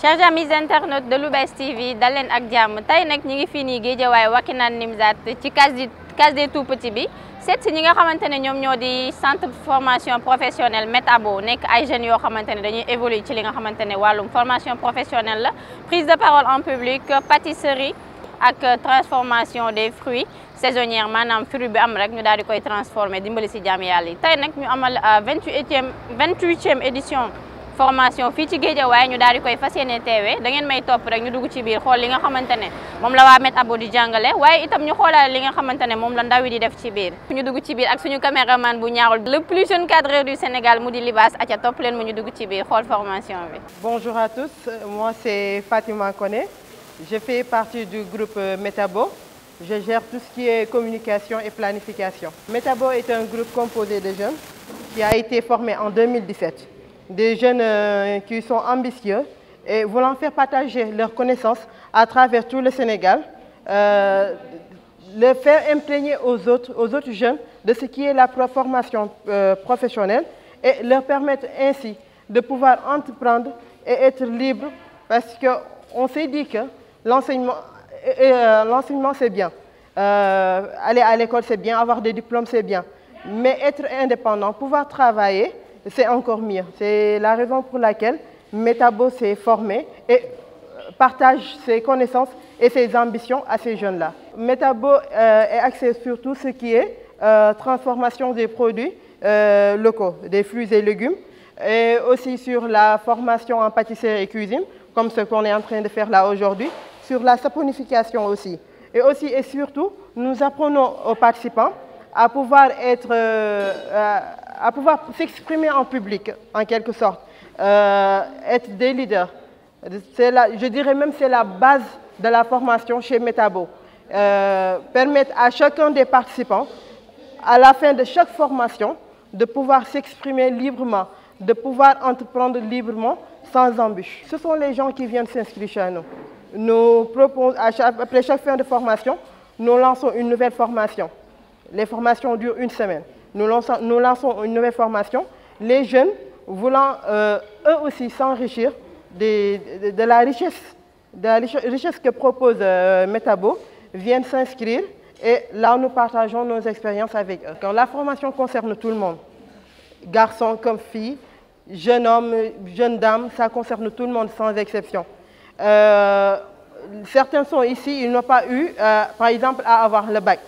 chers amis internautes de Lou'Bess TV dal leen ak jàmm tey nag ñi ngi fii nii Guédiawaye Wakhinane Nimzatt ci case ci case des tout petits bi seet si ñi nga xamante ne ñoom ñoo di centre formation professionnelle Metabo nekk ay jeunes yoo xamante ne dañuy évoluer ci li nga xamante ne wàllum formation professionnelle la prise de parole en public pâtisserie ak transformation des fruits saisonnière maanaam fruit bi am rek ñu daal di koy transformer dimbali si jaam yàlla yi tey nag ñu amal 28e euh, 28e édition formation fii ci Guédiawaye ñu daal di koy fas yéene teewee da may topp rek ñu dugg ci biir xool li nga xamante ne moom la waa Met Abo di jàngale waaye itam ñu xoolaale li nga xamante ne moom la ndaw yi di def ci biir ñu dugg ci biir ak suñu caméraman bu ñaawul le plus jeune cadreur du Sénégal mu di Libaas Aca topp leen mu ñu dugg ci biir xool formation bi bonjour à tous moi c'est Fatima Koné je fais partie du groupe Met je gère tout communication et planification Met Abo est un groupe composé de jeunes qui a été formé des jeunes euh, qui sont ambitieux et voulant faire partager leurs connaissances à travers tout le Sénégal, euh, le faire imprégner aux autres, aux autres jeunes de ce qui est la formation euh, professionnelle et leur permettre ainsi de pouvoir entreprendre et être libre parce qu'on s'est dit que l'enseignement, euh, euh, l'enseignement c'est bien. Euh, aller à l'école c'est bien, avoir des diplômes c'est bien. Mais être indépendant, pouvoir travailler, c'est encore mieux. C'est la raison pour laquelle Metabo s'est formé et euh, partage ses connaissances et ses ambitions à ces jeunes-là. Metabo euh, est sur tout ce qui est euh, transformation des produits euh, locaux, des fruits et légumes, et aussi sur la formation en pâtisserie et cuisine, comme ce qu'on est en train de faire là aujourd'hui, sur la saponification aussi. Et aussi et surtout, nous apprenons aux participants à pouvoir être, euh, euh, à pouvoir s'exprimer en public, en quelque sorte, euh, être des leaders. La, je dirais même c'est la base de la formation chez Metabo. Euh, permettre à chacun des participants, à la fin de chaque formation, de pouvoir s'exprimer librement, de pouvoir entreprendre librement, sans embûche. Ce sont les gens qui viennent s'inscrire chez nous. Nous proposons, après chaque fin de formation, nous lançons une nouvelle formation. Les formations durent une semaine. Nous lançons, une nouvelle formation. Les jeunes voulant euh, eux aussi s'enrichir de, de, la richesse, de la richesse que propose euh, Metabo, viennent s'inscrire et là nous partageons nos expériences avec eux. Quand la formation concerne tout le monde, garçons comme filles, jeunes hommes, jeunes dames, ça concerne tout le monde sans exception. Euh, certains sont ici, ils n'ont pas eu, euh, par exemple, à avoir le bac.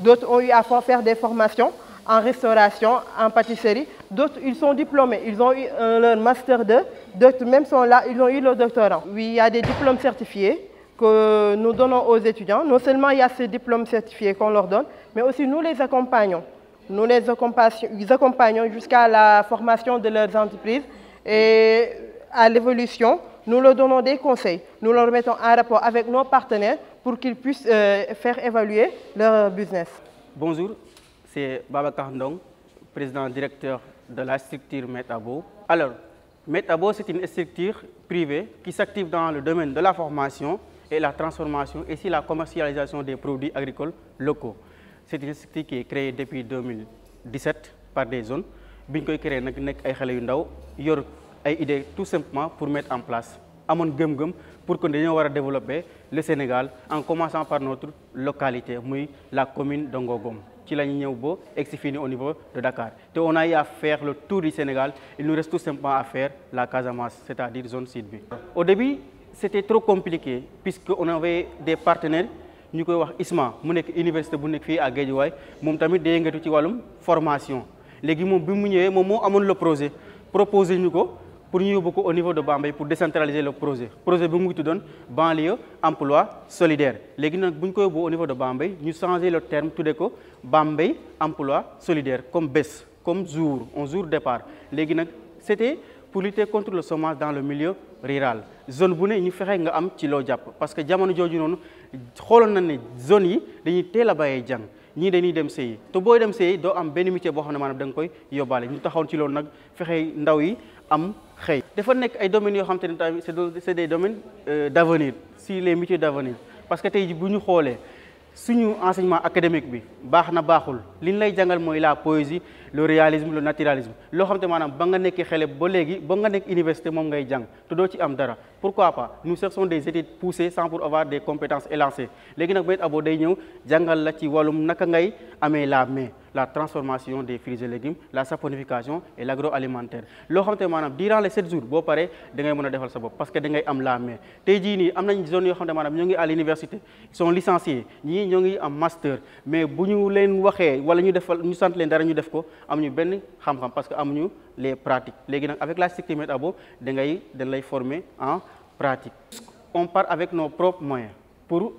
D'autres ont eu à faire des formations en restauration, en pâtisserie. D'autres, ils sont diplômés, ils ont eu leur master 2. D'autres même sont là, ils ont eu leur doctorat. Oui, il y a des diplômes certifiés que nous donnons aux étudiants. Non seulement il y a ces diplômes certifiés qu'on leur donne, mais aussi nous les accompagnons. jusqu'à la formation de leurs entreprises et à l'évolution. Nous leur donnons des conseils. Nous leur mettons en rapport avec nos partenaires pour qu'ils puissent euh, faire évaluer leur business. Bonjour, c'est Baba Kandong, président directeur de la structure Metabo. Alors, Metabo, c'est une structure privée qui s'active dans le domaine de la formation et la transformation et si la commercialisation des produits agricoles locaux. C'est une structure qui est créée depuis 2017 par des zones. bi ñu koy créer nag nekk ay xale yu ndaw yor ay idées tout simplement pour mettre en place amoon gëm pour que dañoo war a développer le Sénégal en commençant par notre localité muy la commune de Ngogom ci la ñu ñëw bo egsi fii au niveau de Dakar te on a eu à faire le tour du Sénégal il nous reste tout simplement à faire la Casamance c'est-à-dire zone sud bi. au début c'était trop compliqué puisque on avait des partenaires. ñu koy wax ISMA mu nekk université bu nekk fii à Guédiawaye moom tamit day yëngatu ci wàllum formation léegi moom bi mu ñëwee moom moo amoon le projet proposé ñu ko pour ñu yóbbu ko au niveau de Bambey pour décentraliser le projet projet bi mu ngi tuddoon banlieue emploi solidaire léegi nag bu ñu ko yóbbu au niveau de Bambey ñu changer le terme tuddee ko Bambey emploi solidaire comme bés comme jour un jour départ léegi nag c'était pour lutter contre le chômage dans le milieu rural zone bu ne ñu fexe nga am ci loo jàpp parce que jamono jooju noonu xooloon na ne zone yi dañuy teel a bàyyee jàng ñii dañuy dem sëyi te booy dem sëyi doo am benn métier boo xam ne maanaam da nga koy yóbbaale ñu taxawoon ci loolu nag fexe ndaw yi am xëy dafa nekk ay domaines yoo xam te ne tamit c'est des domaines euh, si les métiers d'avenir parce que tey ji bu ñu xoolee suñu enseignement académique bi baax na baaxul li ñu lay jàngal mooy la poésie le réalisme loo xam te maanaam ba nga nekkee xale ba léegi ba nga nekk université moom ngay jàng te ci am dara pourquoi pas nous cherchons des études poussées sans pour avoir des compétences élancées léegi nag Bayit Abo day ñëw jàngal la ci wàllum naka ngay amee la main la transformation des fruits et légumes la saponification et l' alimentaire loo xam te maanaam durant les sept jours boo paree da ngay mën a defal sa parce que da ngay am la main tey jii nii am nañ zone yoo xam te maanaam ñoo ngi à l'université ils ñoo ngi am master mais bu ñu leen waxee wala ñu defal ñu sant leen dara ñu def ko ñu benn xam-xam parce que amuñu les pratique léegi nag avec la cyclimate abo da ngay dañ lay former en pratique. on part avec nos propres moyens pour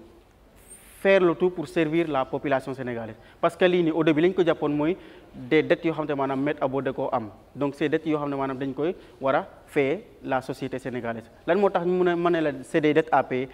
faire le tout pour servir la population sénégalaise parce que lii nii au début la ñu ko jàppoon mooy des dettes yoo xam ne maanaam maître abo da koo am donc ces yoo xam ne maanaam dañ koy war a fay la société sénégalaise lan moo tax ñu mën a mën a la c'est des dettes à tey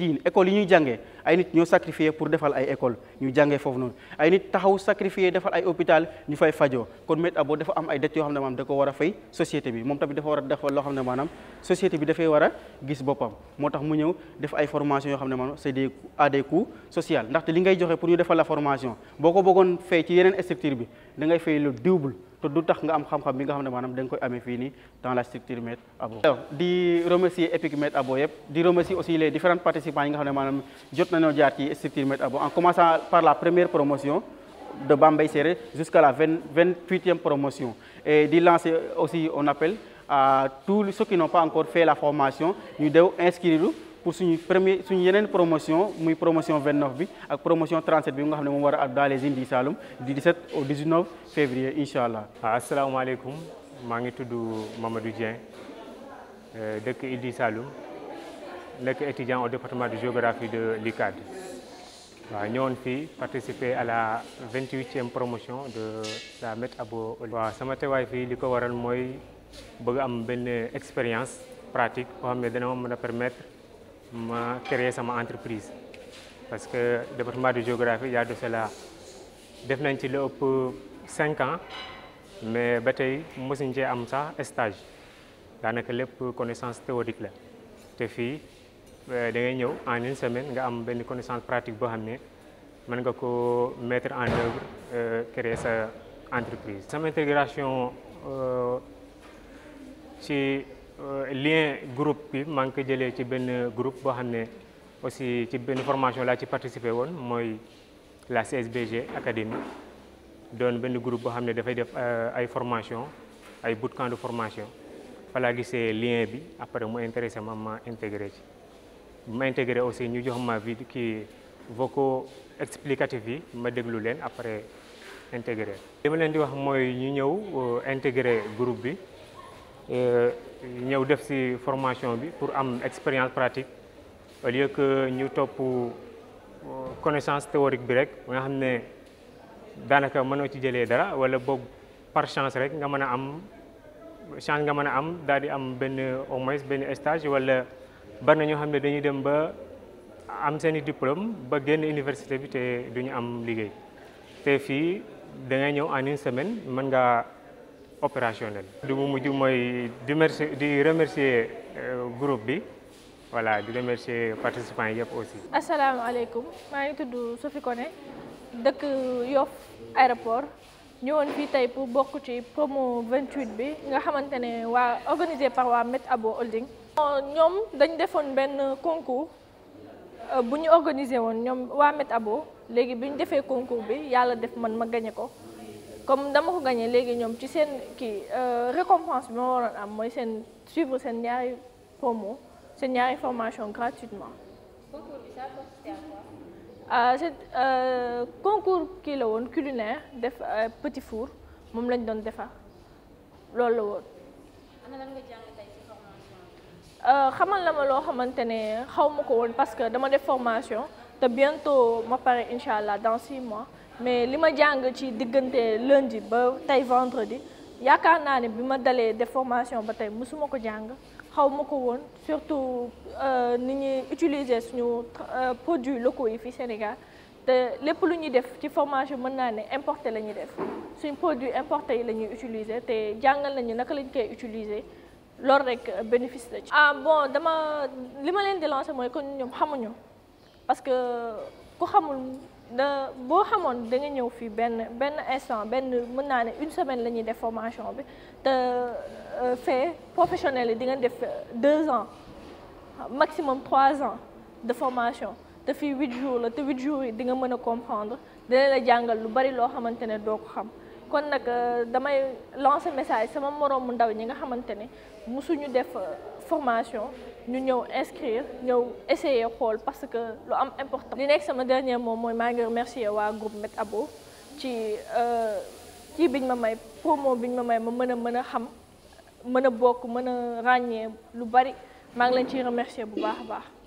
jii école yi ñuy jàngee ay nit ñoo sacrifié pour defal ay école ñu jàngee foofu noonu ay nit taxaw sacrifié defal ay hôpital ñu fay fajoo kon maître abo dafa am ay dettes yoo xam ne maanaam da ko war a fay société bi moom tamit dafa war a defal loo xam ne maanaam société bi dafay war a gis boppam moo tax mu ñëw def ay formation yoo xam ne maanaam c'est des à des social ndaxte li ngay joxe pour ñu defal la formation boo ko bëggoon fay ci yeneen structure bi da ngay fay le double te du tax nga am xam-xam bi nga xam ne maanaam da nga koy amee fii nii dans la structure Maître Abo di remercier EPIC Maître Abo yëpp di remercier aussi les différents participants yi nga xam ne maanaam jot nañoo jaar ci structure Maître Abo en commençant par la première promotion de Bambey Séré jusqu'à la vingt-huitième promotion et di lancer aussi un appel à tous ceux qui n'ont pas encore fait la formation ñu dew inscrire pour suñu premier suñu yeneen promotion muy promotion 29 bi ak promotion 37 bi nga xam ne moom war a dans les îles du Saloum du 17 au 19 février incha allah. waaw ah, asalaamaaleykum maa ngi tudd Mamadou Dieng euh, dëkk île du Saloum nekk étudiant au département de géographie de l'UCAD waaw ñëwoon fii participer à la vingt e promotion de la Met Abo. waaw sama teewaay fii li ko waral mooy bëgg am benn expérience pratique boo xam ne dana ma mën a permettre. ma créé sama entreprise parce que département de géographie y de cela def nañ ci lu ëpp cinq ans mais ba tey mosuñ cee am sax stage daanaka lépp connaissance théorique la te fii euh, da ngay ñëw en une semaine nga am benn connaissance pratique boo xam ne mën nga ko mettre en œuvre euh, créer sa entreprise sama intégration euh, ci Euh, lien groupe bi maa ngi ko jëlee ci benn groupe boo xam ne aussi ci benn formation laa ci participé woon mooy la CSBG académie doon benn groupe boo xam ne dafay def euh, ay formation ay bootcamp de formation falaa gisee lien bi après mu intéressé ma ma intégré ci ma intégré aussi ñu jox ma vi ki vocaux explicatif yi ma déglu leen après intégré li ma leen di wax mooy ñu ñëw euh, intégré groupe bi ñëw def ci formation bi pour am expérience pratique au lieu que ñu topp euh, connaissance théorique bi rek ba nga xam ne daanaka mënoo ci jëlee dara wala boog par chance rek nga mën a am chance nga mën a am daal di am benn au moins benn stage wala bari na ñoo xam ne dañuy dem ba am i diplôme ba génn université bi te du ñu am liggéey te fii da ñëw en semaine mën nga opérationnel. du bu mujj mooy di merci di remercier euh, groupe bi voilà di remercier participants yëpp aussi. asalaamaaleykum maa ngi tudd Sophie Koné dëkk Yoff aéroport ñëwoon fii tey pour bokk ci vingt 28 bi nga xamante ne waa organisé par waa Met Abo Holding. Euh, ñoom dañ defoon benn concours euh, bu ñu organiser woon ñoom waa Met Abo léegi bi ñu defee concours bi yàlla def man ma gagné ko. comme dama ko gagné léegi ñoom ci seen kii euh, récompense bi ma waroon am mooy seen suivre seen ñaari promo seen ñaari formation gratuitement. concours bi euh, euh, kii la woon culinaire def petit four moom lañ doon defar loolu la woon. xamal la ma loo xamante ne xaw ma ko woon parce que dama def formation te bientôt ma pare incha allah dans six mois. mais li ma jàng ci diggante lundi ba tey vendredi yaakaar naa ne bi ma dalee def formation ba tey mësuma ko jàng xaw ma ko woon surtout euh, ni ñuy utiliser suñu euh, produit locaux yi fi Sénégal te lépp lu ñuy def ci formation mën naa ne importé la ñuy def suñ produit importé yi lañuy ñuy utiliser te jàngal nañu naka lañ koy utiliser loolu rek euh, bénéfice la ci. Ah, bon dama li ma leen di lancer mooy kon ñoom xamuñu parce que ku xamul. da boo xamoon da nga ñëw fii benn benn instant benn mën naa ne une semaine la ñuy def formation bi te euh, fait professionnel yi di nga def deux ans maximum trois ans de formation te fii huit jour la te huit jours yi di nga mën a comprendre dina la jàngal lu bari loo xamante ne doo ko xam kon nag euh, damay lancer message sama moroomu ndaw ñi nga xamante ne musuñu def euh, formation ñu ñëw inscrire ñëw essayer xool parce que lu am important. li nekk sama dernier moom mooy maa ngi remercier waa groupe Met Abo ci ci euh, biñ ma may promo biñ ma may ma mën a mën a xam mën a bokk mën a ràññee lu bari maa ngi leen ciy remercier bu baax a baax.